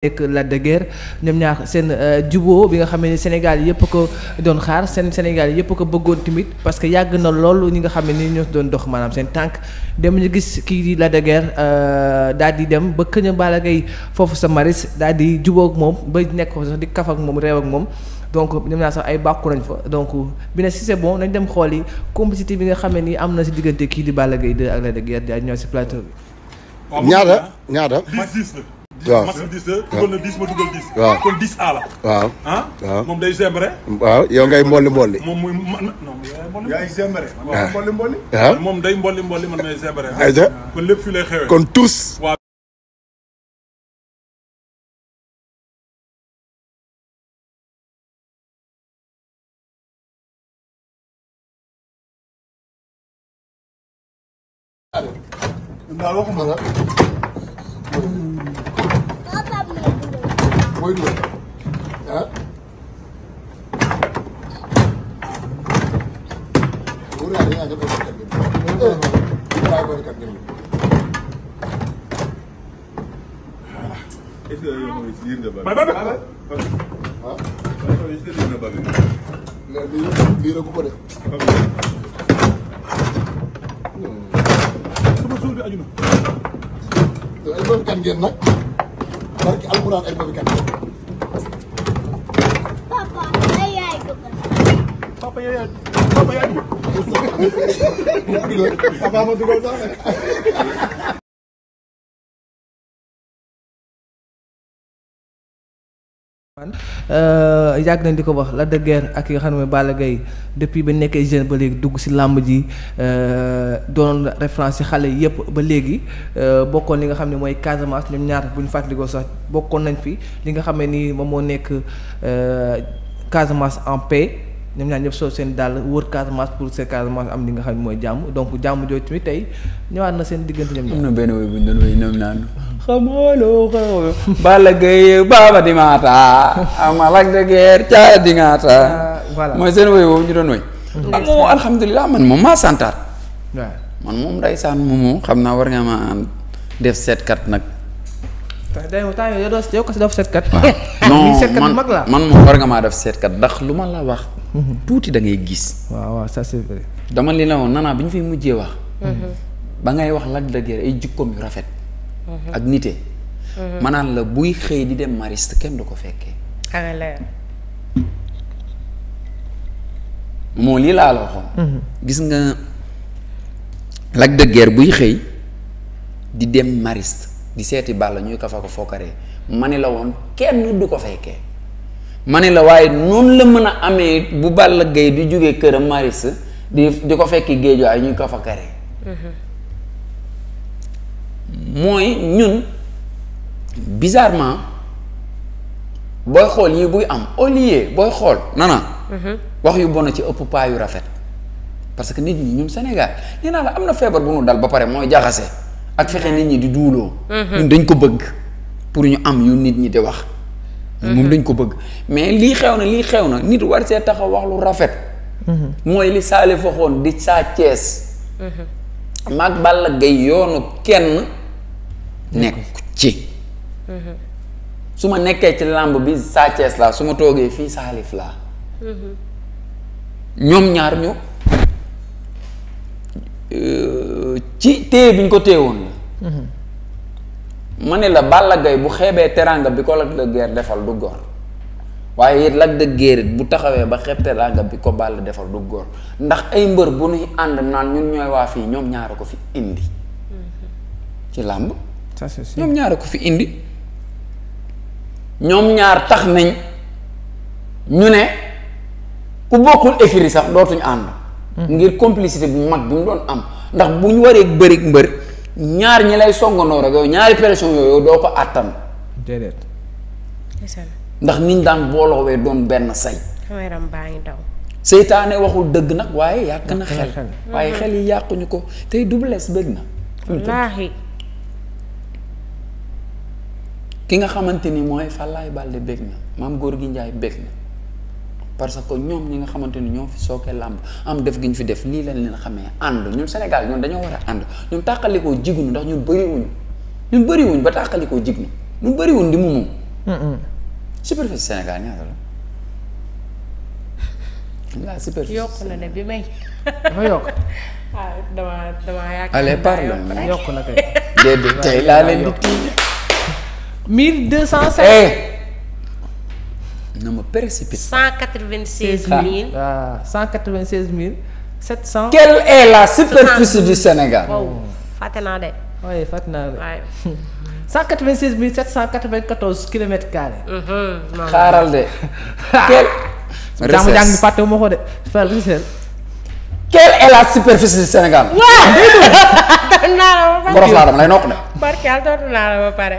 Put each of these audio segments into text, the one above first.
ak Lac de Guiers ñoom ñaar seen juboo euh, bi nga xam ne Sénégal yëpp ko doon xaar seen Sénégal yëpp ko bëggoon tamit parce que yàgg na loolu ñi nga xam ne ni ñoo doon dox maanaam seen tànk dem ñu gis kii di Lac de Guiers euh, daal di dem ba këñ a Balla foofu sa maris daal di jubook moom ba nekk ko sax di kaf ak moom réew ak moom donc dem naa sax ay bàkku nañ fa donc bi ne si c'est bon nañ dem xool yi complicité bi nga xamee ni am na si diggante kii di Balla Gaye 2 ak Lac de Guiers daal ñëw si waaw mas bi dix la dugal na dix ma dugal dix. waaw kon a la. waaw ah. waaw moom mooy dugal ne yaa ngi doon kat nga ba bi ah kan ngeen barki alxuraan ay boobu gàtt. papa yow yaay dugal. papa yow yaay papa yaay dugal. papa ma dugal sax man euh, yàgg nañ di ko wax la de ak ki nga xam ne Balla Gaye depuis ba nekkee jeune ba léegi dugg ci làmb ji euh, doon référence ci xale yépp ba léegi euh, bokkoon li nga xam ne mooy Casamance ñoom ñaar bu ñu fàttalikoo sax bokkoon nañ fi li nga xam ne nii moom moo nekk Casamance en paix. ñoom ñaar ñëpp soo seen dàll wër Casamance pour seen am li nga xam ne mooy jàmm donc jàmm jooju tamit tey ñëwaat na seen ñu doon woy ñoom naan. di Maata. Ama Lac de Guiers Caaya di Ngaata. Ah, voilà mooy seen woy mm-hmm. moom alhamdulilah man moom maa santaat. man moom ndeysaan moomu xam naa war nga ma def seetkat nag. day mu temps yow si def seetkat. waaw man man moom war nga maa def seetkat ndax lu ma la wax. tuuti da ngay gis. waaw waaw ça c'est vrai. dama li la woon nanaa bi ñu fay mujjee wax. Mhm. ba ngay wax Lac ay jikkoom yu rafet. Mhm. ak nite. maanaam mhm. la buy xëy di dem mariste kenn du ko fekkee. moo lii laa la waxoon. gis nga Lac de Guiers buy xëy di seeti bàll ñuy kafa ko fokkaree ma ne la woon kenn du ko fekkee. ma ne la waaye noonu la mën a amee bu Balla Gaye di jógee këram maris di di ko fekki géej ay ñu ko fa kare mooy ñun bizarrement booy xool yi buy am au booy xool nana wax yu bon ci ëpp paa yu rafet parce que nit ñi ñun Sénégal nee naa la am na feebar bu nu dal ba pare mooy jaxase ak fexe nit ñi di duuloo mhm. ñun dañ ko bëgg pour ñu am yu nit ñi di wax moom mhm. dañ ko bëgg mais lii xew na lii xew na nit war see taxaw wax lu rafet mhm. mooy li Salif waxoon di saa Cees mhm. mag Balla Gaye yoonu kenn nekk ci su ma nekkee ci làmb bi saa laa su ma toogee fii Salif laa ñoom ñaar ñu euh, ci téye bi ñu ko téye woon la ma ne la Balla Gaye bu xeebee teranga bi ko Lac de Guiers defal du góor waaye it Lac bu taxawee ba xeeb teranga bi ko Balla defal du góor ndax ay mbër bu ñuy ànd naan ñun ñooy waa fii ñoom ñaara ko fi indi ci làmb ñoom ñaar ko fi indi ñoom ñaar tax nañ ñu ne ku bokkul écurie sax dootuñ ànd hmm. ngir complicité bu mag bu ñu doon am ndax bu ñu waree bëri mbër ñaar ñi lay songandoo rek yow ñaari pression yooyu doo ko àttan. déedéet. ndax niñ daan booloowee doon benn say. xameram baa ngi daw. seytaane waxul dëgg nag waaye yàq na xel. waaye xel yi yàquñu ko tey Double Less bëgg na. ki nga xamante ni mooy Falaye Balde bëgg na maam góor gi Njaay bëgg na. parce que ñoom ñi nga xamante ni ñoo fi sooke làmb am def gi ñu fi def lii lañ leen xamee ànd ñun Sénégal ñun dañoo war a ànd ñun tàqalikoo jiguñu ndax ñun bëriwuñu ñun bëriwuñ ba tàkkalikoo jig ñu ñun bëriwuñ di mu moom superficie Sénégal ñaata la la superficie yokk na ne bi may. dafa yokk. ah yokk na kay. déedéet tey laa leen di tuuti. E e ah, e ne me précipite. 196 000 ah 196 000 700. quelle est la superficie du Sénégal. waaw naa de. oui fàtte naa de. waay 196 xaaral de. quelle. jàng bi fàtte ma ko de fàtte recel. quelle est la superficie du Sénégal. waaw. dégg nga. dootu naa la ba pare. borom laa dama lay nokk de. barkeel dootu naa la ba pare.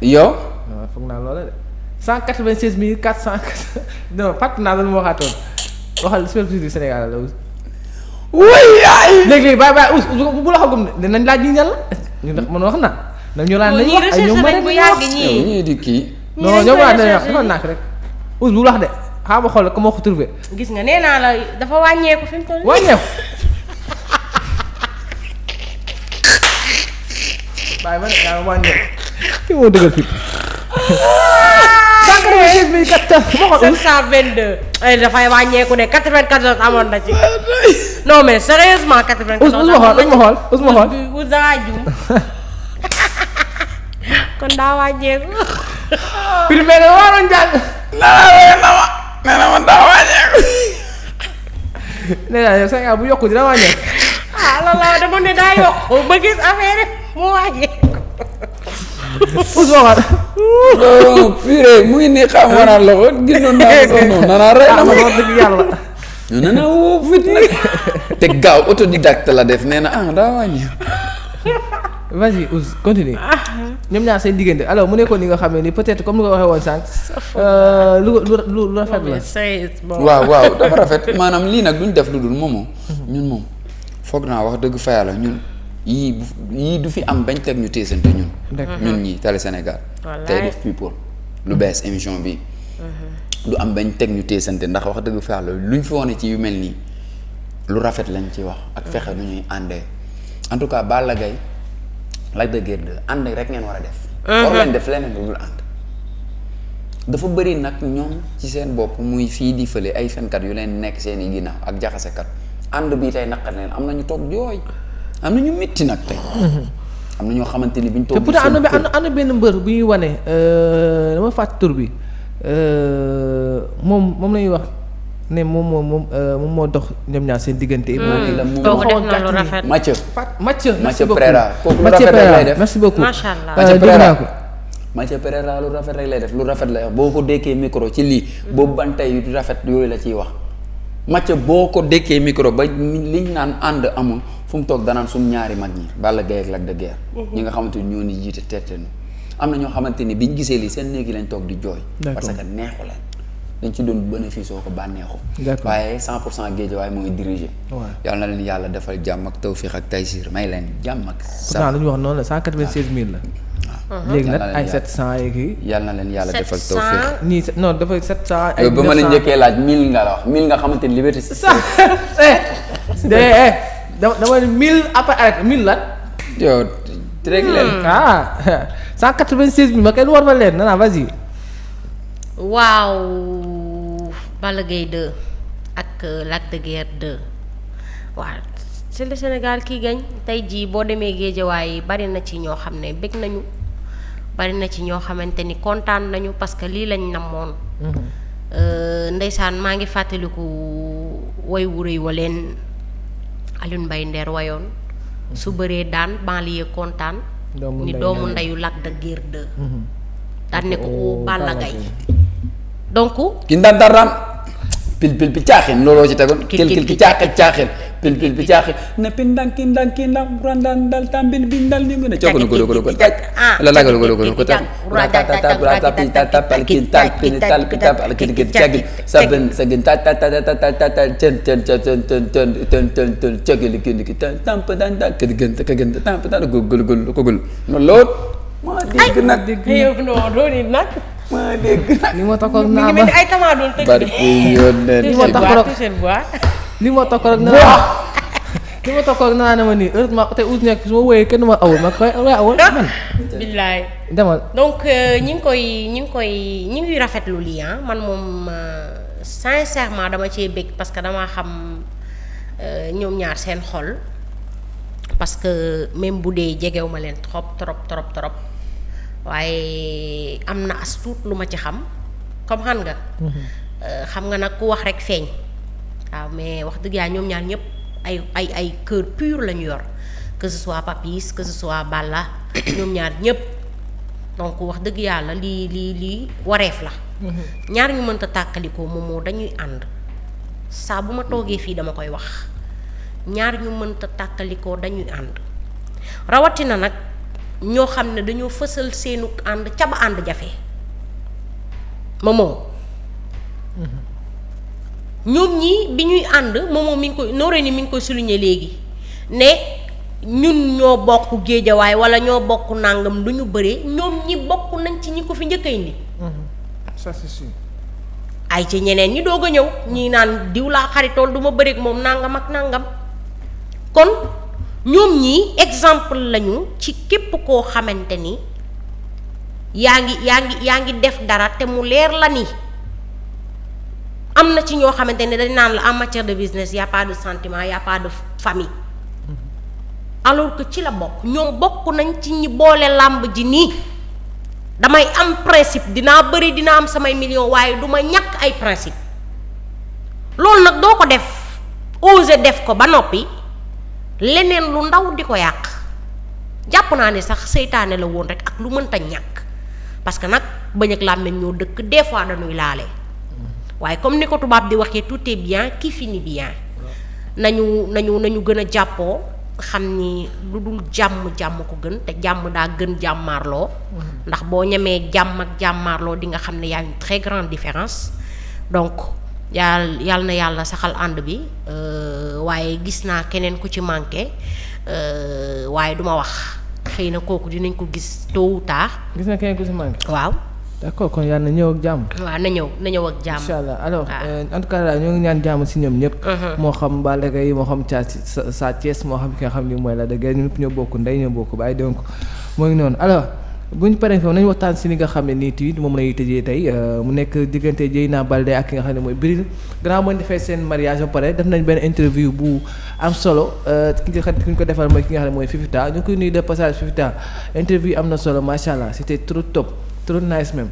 yow. waaw foog naa loola de cent quatre vingt seize mille quatre cent non fàtt naa loolu moo waxaatoon waxal superficie du Sénégal la. wuyaay. la xagum dinañ laaj ñu ñal ñu ndax man wax na. ndax ñu laaj nañu wax ay ñoom rek bu yàgg ñii ñii di kii. non ñoom rek us bu wax de xaaral ma xool comment ko trouvé. gis nga nee naa la dafa wàññeeku fi mu toll. wàññeeku. bàyyi ma ne daa wàññeeku. te moo dëggal fi. Eh, dafay wàññeeku ne 94 amoon na ci. non mais sérieusement 94. amoon na ci us ma xool us ma xool kon daa wàññeeku. primaire la waroon jàng. nee na ma nee na ma daa wàññeeku. nee naa yow sa bu yokku dina wàññeeku. ah loolu dama ne daa yokk ba gis affaire mu wàññeeku. Ousmane. non purée mu ngi nii xam nga naan la ko ginnaaw naa ko non nanaa rey na ma wax la def nee na ah daa wàññi. vas-y Ous continue. ñoom ñaar seen diggante alors mu nekkoon li nga xam ne ni peut-être comme ni ko waxee woon sànq. lu lu lu lu rafet la. waaw waaw dafa rafet maanaam lii nag duñ def lu dul moomoo. ñun moom foog naa wax dëgg fa yàlla ñun. yii yii du fi am bañ teg ñu téesante ñun. ñun ñii Télé Sénégal. tey def people lu bees émission bi du am bañ teg ñu téesante ndax wax dëgg fa yàlla luñ fi wane ci yu mel nii lu rafet lañ ci wax. ak fexe nu ñuy ànd en tout cas Balla Gaye Lac de ànd rek ngeen war a def. Mhm. war leen def leneen lu dul ànd. dafa bëri nag ñoom ci seen bopp muy fii di fële ay fenkat yu leen nekk seen i ginnaaw ak jaxasekat ànd bii tey naqar leen am na ñu toog jooy. am na ñu métti nag tey. Mm-hmm. am na ñoo xamante ni bi ñu toog. te pourtant am na am na benn mbër bu ñuy wane euh, dama fàtt tur bi euh, moom moom la ñuy wax ne moom moo moom euh, moom moo dox ñoom ñaar seen diggante. moom kooku def na lu rafet Mathieu. Mathieu merci beaucoup Mathieu Pereira merci beaucoup macha allah Mathieu Pereira lu rafet rek lay def lu rafet lay wax boo ko dékkee micro ci lii. boobu bantay yu rafet yooyu la ciy wax. Mathieu boo ko dékkee micro ba liñ naan ànd amul. fu mu toog danaan suñ ñaari mag ñi Balla Gaye ak Lac de Guiers mhm. ñi nga xamante ni ñoo ni jiite teetenu am na ñoo xamante ni biñ gisee lii seen néeg yi lañ toog di jooy parce que neexu leen dañ ci doon bénéfice oo ko bànneexu waaye cent pour cent Guédiawaye mooy diriger yàlla na yàlla defal jàmm ak taysir may leen jàmm ak sa lu ñu wax noonu la cent quatre-vingt-seize mille la ah. léegi nag ay 700 yeeg yi. yàlla na leen yàlla defal tawfeex. nii non dafay 700. ay 200 ba ma la njëkkee laaj 1000 nga la wax 1000 nga xamante ni liberté. Eh, eh, eh. dama dama ne mille après arrêté mille yow rek hmm. leen. ah 196 bi ma kenn war ma leen nana vas waaw Balla Gaye ak euh, Lac de Guiers 2 waaw c'est Sénégal kii gañ tey jii boo demee géejawaay bari na ci ñoo xam ne bëgg nañu bari na ci ñoo xamante ni kontaan nañu parce que lii lañ namoon. Mhm. Euh, ndeysaan maa ngi fàttaliku way wu rëy wa leen. Alioune Mbaye Nder wayoon su bëree daan banlieue kontaan ni doomu ndeyu Lac a Guiers 2 mhm. ko o oh, Balla Gaye donc kin daan daan pil pil pi caaxin looloo ci tegoon kil kil ki caaxin caaxin pin pin bi caaxi na pin ndanki ndanki ndam randan dal tambin bin dal ni ngene cokko ko ko ko la la ko kin tal kin kin cagil saben sagin tam pa dan dan kin kin ka gul gul gul gul no lot ma dégg nag dégg yow no do ni nag maa li ma tokk rek. nee li ma tokk rek naa ne ma nii heureusement tey Ousseynou nekk su ma wooyee kenn ma awul ma koy waaye awul ah! man. billaay demal donc euh, ñi ngi koy ñi ngi koy ñi ngi rafetlu lii ah man moom euh, sincèrement dama cee bëgg parce que damaa xam euh, ñoom ñaar seen xol. parce que même bu dee jegewuma leen trop trop trop trop waaye am na as lu ma ci xam comme xam nga. Mm-hmm. xam nga nag ku wax rek feeñ. waaw mais wax dëgg yàlla ñoom ñaar ñëpp ay ay ay cœur la ñu yor que ce soit Papis Balla ñoom ñëpp donc wax dëgg yàlla lii lii lii wareef la. Mhm. ñaar ñu mënta tàkkalikoo moom dañuy ànd saa bu ma toogee mhm. fii dama koy wax ñaar ñu mënta tàkkalikoo dañuy ànd rawatina nag ñoo xam ne dañoo fësal seenu ànd ca ba ànd jafe ma ñoom ñi bi ñuy ànd moom mi ngi koy nooree ni mi ngi koy suluñe léegi ne ñun ñoo bokk géejawaay wala ñoo bokk nangam lu ñu bëree ñoom ñi bokk nañ ci ñi ko fi njëkk a indi. Mhm. ay ci ñeneen ñi doog a ñëw ñii naan diw laa xaritool du ma moom nangam ak nangam kon ñoom ñi exemple lañu ci képp koo xamante ni yaa ngi yaa ngi yaa ngi def dara te mu leer la ni. am na ci ñoo xamante ne dañ naan la en matière de business y' a pas de sentiment y' pas de famille mm-hmm. alors que ci la bokk ñoom bokk nañ ci ñi boole làmb ji nii damay am principe dinaa bëri dina am samay million waaye du ma ñàkk ay principe loolu nag doo ko def oser def ko ba noppi leneen lu ndaw di ko yàq jàpp naa ne sax seytaane la woon rek ak lu mënta ñàkk parce que nag bëñ ak làmmiñ ñoo dëkk des fois dañuy laale waaye comme ni ko tubaab di waxee tout est bien qui finit bien nañu nañu nañu gën a jàppoo xam ni lu dul jàmm jàmm ko gën te jàmm daa gën jàmmaarloo ndax boo ñemee jàmm ak jàmmaarloo di nga xam ne y a une très grande différence donc yàlla yàlla na yàlla saxal ànd bi euh, waaye gis naa keneen ku ci manqué euh, waaye duma wax xëy na kooku dinañ ko gis tôt ou tard. gis na keneen ku ci manqué waaw. d'accord kon yàlla na ñëw ak jàmm. waaw na ñëw na ñëw ak jàmm. Ah. Euh, ñoo ngi ñaan jàmm si ñoom ñëpp. Mhm. moo xam Balla Gaye moo xam Thiat sa Thiès moo xam ki nga xam ni mooy la de gars ñun ñoo bokk ndey ñoo bokk moo ngi noonu alors bu ñu paree foofu nañu waxtaan si li nga xam ne nii tamit moom lay tëjee euh, mu nekk diggante Dieyna Baldé ak ki nga xam ne mooy Bril gannaaw ba defee seen mariage ba pare def nañ benn interview bu am solo euh, ki nga xam ki ko defal mooy ki nga xam ne mooy Fifita ñu koy nuyu de passage Fifita interview am na solo macha allah c'était trop top trop nice même